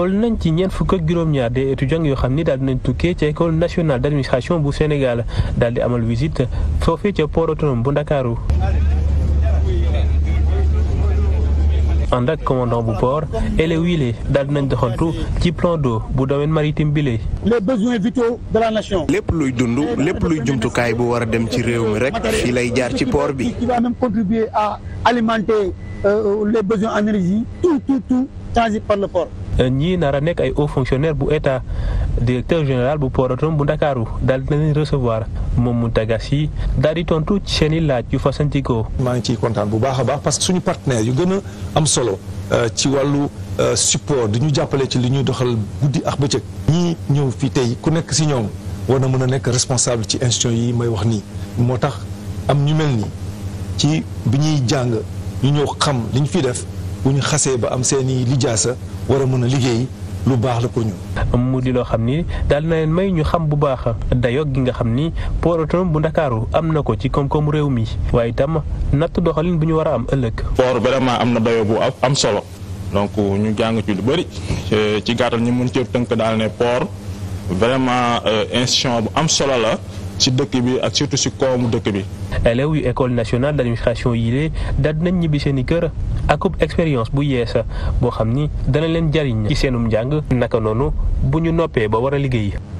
toll nañ fukk juróom-ñaar des yoo xam ni daal dinañ tukkee ca école nationale d' administration bu Sénégal daal di amal visite foofee ca port autonome bu Ndakaaru ak commandant bu port élèves yi la daal ci plan d'eau bu domaine maritime bi les besoins lépp luy dund lépp luy jumtukaay bu war a dem ci réew mi rek fii lay jaar ci poor bi. qui ñii nar a nekk ay hauts fonctionnaires bu état directeur général bu port autonome bu ndakaaru daal dinañ recevoir moom Mountaga Sy daal di tontu ci seen i laaj yu fasantikoo maa ngi ciy kontaan bu baax a baax parce que suñu partenaire yu gën a am solo euh, ci wàllu euh, support di ñu jàppale ci li ñuy doxal guddi ak bëccëg ñii ñëw fii tey ku nekk si ñoom war na mën a nekk responsable ci institution yi may wax nii moo tax am ñu mel nii ci bi ñuy jàng ñu ñëw xam li ñu fi def bu ñu xasee ba am seen i lijaasa war a mën a liggéey lu baax la ko ñu. mu di loo xam ni daal na leen may ñu xam bu baax dayoo gi nga xam ni port autonome bu ndakaaru am na ko ci koom-koomu réew mi waaye tam natt doxalin bu ñu war a am ëllëg. poor vraiment am na dayoo bu am solo donc ñu jàng ci lu bëri euh, ci gàttal ñu mën cee tënk daal ne port vraiment euh, institution bu am solo la. ci dëkk bi ak surtout ci koomu dëkk bi. élèves yu école nationale d'administration yi de daal nañ ñibbi seeni kër. akub expérience bu yeesa boo xam ni dana leen jariñ ci seenum njàng naka noonu bu ñu noppee ba war a liggéey